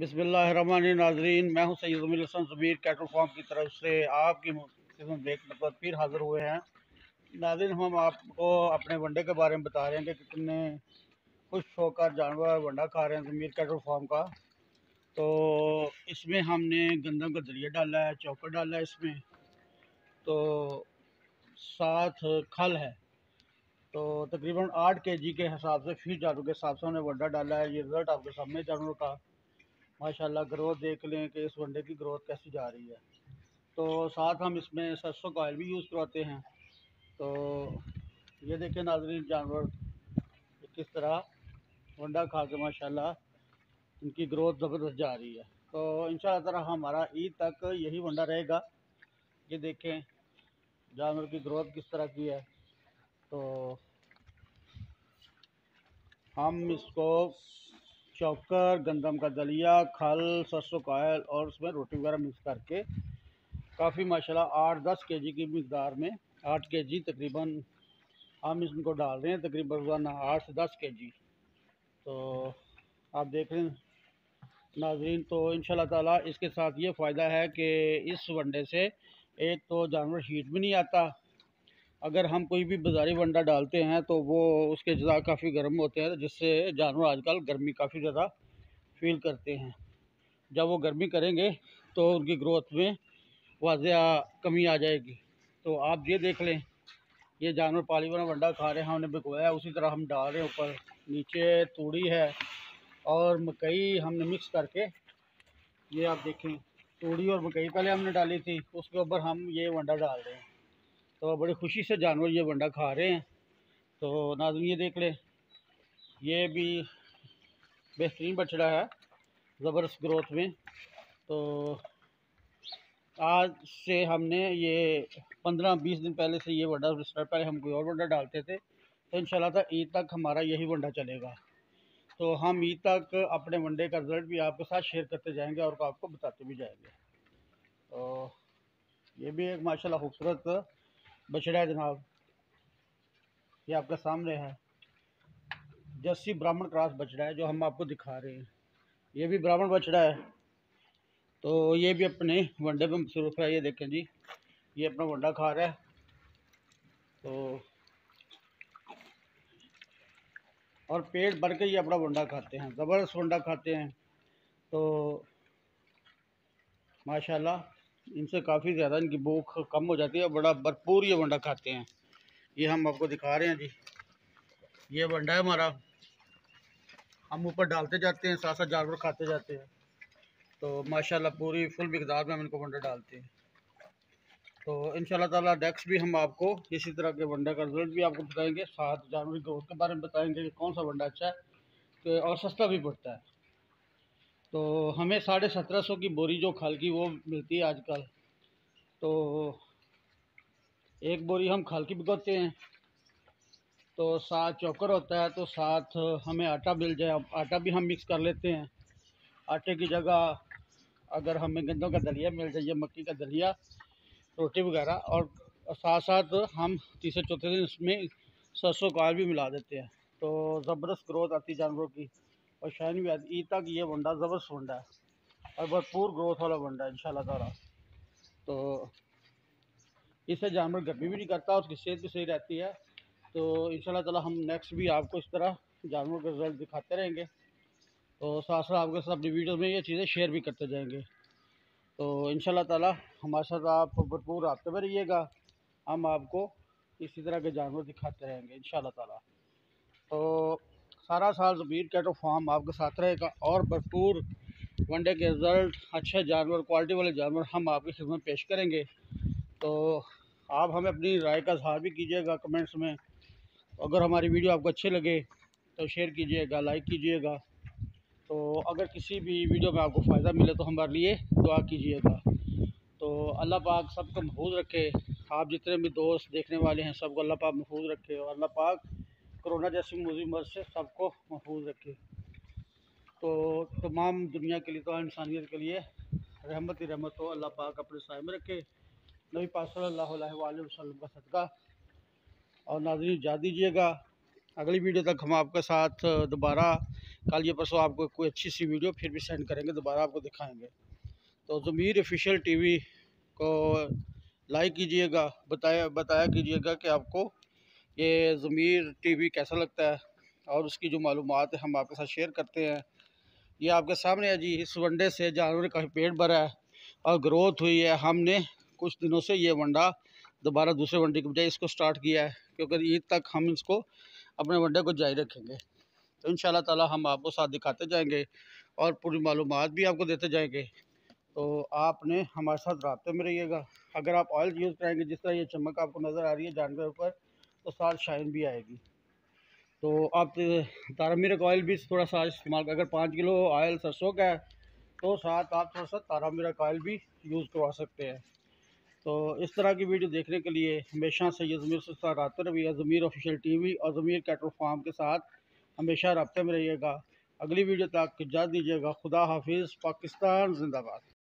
बिसमिल्ल नाजरीन मैं हूँ सैद उमिलसन ज़मीर कैटल फार्म की तरफ से आपकी किस्म देखने पर फिर हाज़िर हुए हैं नाजरीन हम आपको अपने वंडे के बारे में बता रहे हैं कि कितने खुश होकर जानवर वंडा खा रहे हैं ज़मीर कैटल फार्म का तो इसमें हमने गंदम का जरिया डाला है चौकर डाला है इसमें तो साथ खल है तो तकरीबन आठ के जी के हिसाब से फीस जानवर के हिसाब से हमने वंडा डाला है ये रिज़ल्ट आपके सामने जानवर का माशाल्लाह ग्रोथ देख लें कि इस वनडे की ग्रोथ कैसी जा रही है तो साथ हम इसमें सरसों का ऑयल भी यूज़ करवाते हैं तो ये देखें नाजरीन जानवर किस तरह वंडा खा के माशाल्लाह इनकी ग्रोथ ज़बरदस्त जा रही है तो इन तरह हमारा ईद तक यही वंडा रहेगा ये देखें जानवर की ग्रोथ किस तरह की है तो हम इसको चौकर गंदम का दलिया खल सरसों का और उसमें रोटी वगैरह मिक्स करके काफ़ी माशाल्लाह आठ दस के जी की मकदार में आठ के जी तकरीबन हम इसको डाल रहे हैं तकरीबन रोज़ाना आठ से दस के जी तो आप देख रहे हैं नाजरीन तो इन ताला इसके साथ ये फ़ायदा है कि इस वनडे से एक तो जानवर हीट भी नहीं आता अगर हम कोई भी बाज़ारी वंडा डालते हैं तो वो उसके ज़ा काफ़ी गर्म होते हैं जिससे जानवर आजकल गर्मी काफ़ी ज़्यादा फील करते हैं जब वो गर्मी करेंगे तो उनकी ग्रोथ में वाजिया कमी आ जाएगी तो आप ये देख लें ये जानवर पाली वाला वंडा खा रहे हैं हमने बिकवाया उसी तरह हम डाल रहे हैं ऊपर नीचे तूड़ी है और मकई हमने मिक्स करके ये आप देखें तूड़ी और मकई पहले हमने डाली थी उसके ऊपर हम ये वंडा डाल रहे हैं तो बड़ी खुशी से जानवर ये बंडा खा रहे हैं तो नाजन ये देख लें ये भी बेहतरीन बछड़ा है ज़बरदस्त ग्रोथ में तो आज से हमने ये पंद्रह बीस दिन पहले से ये वंडा स्टार्ट पहले हम कोई और वंडा डालते थे तो इन ईद तक हमारा यही वंडा चलेगा तो हम ईद तक अपने वनडे का रिज़ल्ट भी आपके साथ शेयर करते जाएंगे और आपको बताते भी जाएंगे तो ये भी एक माशाल्लाह खूबसूरत बछड़ा है जनाब ये आपका सामने है जस्सी ब्राह्मण क्रॉस बछड़ा है जो हम आपको दिखा रहे हैं ये भी ब्राह्मण बछड़ा है तो ये भी अपने वंडे पर मसरूफ़ है ये देखें जी ये अपना वंडा खा रहा है तो और पेट भर के ये अपना वंडा खाते हैं ज़बरदस्त वंडा खाते हैं तो माशाल्लाह इनसे काफ़ी ज़्यादा इनकी भूख कम हो जाती है और बड़ा भरपूर ये वंडा खाते हैं ये हम आपको दिखा रहे हैं जी ये वंडा है हमारा हम ऊपर डालते जाते हैं साथ साथ जानवर खाते जाते हैं तो माशाल्लाह पूरी फुल मकदार में हम इनको वंडा डालते हैं तो इन ताला डेक्स भी हम आपको इसी तरह के वंडे का रिजल्ट भी आपको बताएंगे साथ जानवर ग्रोथ के बारे में बताएंगे कि कौन सा वंडा अच्छा है तो और सस्ता भी पड़ता है तो हमें साढ़े सत्रह सौ की बोरी जो खल की वो मिलती है आजकल तो एक बोरी हम खल की बिकोते हैं तो साथ चौकर होता है तो साथ हमें आटा मिल जाए आटा भी हम मिक्स कर लेते हैं आटे की जगह अगर हमें गंदों का दलिया मिल जाए मक्की का दलिया रोटी वगैरह और साथ साथ हम तीसरे चौथे दिन उसमें सरसों का भी मिला देते हैं तो ज़बरदस्त ग्रोथ आती जानवरों की और शाइन भी आती ईद तक ये वंडा ज़बरदस्त वंडा है और भरपूर ग्रोथ वाला वंडा है इन तारा तो इससे जानवर गर्मी भी नहीं करता उसकी सेहत भी सही रहती है तो इन ताला हम नेक्स्ट भी आपको इस तरह जानवर के रिजल्ट दिखाते रहेंगे तो साथ साथ आपके साथ अपनी वीडियो में ये चीज़ें शेयर भी करते जाएंगे तो इन ताला हमारे साथ आप भरपूर रबते में रहिएगा हम आपको इसी तरह के जानवर दिखाते रहेंगे इन ताला तो सारा साल जबीर कैटो फार्म आपके साथ रहेगा और भरपूर वनडे के रिज़ल्ट अच्छे जानवर क्वालिटी वाले जानवर हम आपकी खिदमत पेश करेंगे तो आप हमें अपनी राय का इजहार भी कीजिएगा कमेंट्स में अगर हमारी वीडियो आपको अच्छी लगे तो शेयर कीजिएगा लाइक कीजिएगा तो अगर किसी भी वीडियो में आपको फ़ायदा मिले तो हमारे लिए दुआ कीजिएगा तो अल्लाह पाक सबको महफूज रखे आप जितने भी दोस्त देखने वाले हैं सबको अल्लाह पाक महफूज रखे और अल्लाह पाक कोरोना जैसी मुजिमत से सबको महफूज रखे तो तमाम दुनिया के लिए तो इंसानियत के लिए रहमत ही रहमत हो अल्लाह पाक अपने साय में रखे नबी पा वसल्लम का सदका और नाजन जा दीजिएगा अगली वीडियो तक हम आपके साथ दोबारा कल ये परसों आपको कोई अच्छी सी वीडियो फिर भी सेंड करेंगे दोबारा आपको दिखाएंगे तो ज़मीर ऑफिशियल टीवी को लाइक कीजिएगा बताया बताया कीजिएगा कि आपको ये ज़मीर टीवी कैसा लगता है और उसकी जो मालूम है हम आपके साथ शेयर करते हैं ये आपके सामने है जी इस वंडे से जानवर का पेट भरा है और ग्रोथ हुई है हमने कुछ दिनों से ये वंडा दोबारा दूसरे वंडे के बजाय इसको स्टार्ट किया है क्योंकि ईद तक हम इसको अपने वंडे को जारी रखेंगे तो इन ताला हम आपको साथ दिखाते जाएंगे और पूरी मालूम भी आपको देते जाएंगे तो आपने हमारे साथ रबते में रहिएगा अगर आप ऑयल यूज़ करेंगे जिस तरह ये चमक आपको नज़र आ रही है जानवरों पर और तो साथ शाइन भी आएगी तो आप तारामीर का ऑयल भी थोड़ा सा इस्तेमाल अगर पाँच किलो ऑयल सरसों का है तो साथ आप थोड़ा सा तारामीर का ऑयल भी यूज़ करवा सकते हैं तो इस तरह की वीडियो देखने के लिए हमेशा से ज़मीर से साथ आते रहिए ज़मीर ऑफिशियल टीवी और ज़मीर कैटल फार्म के साथ हमेशा रबते में रहिएगा अगली वीडियो तक इजाज़ दीजिएगा खुदा हाफिज़ पाकिस्तान जिंदाबाद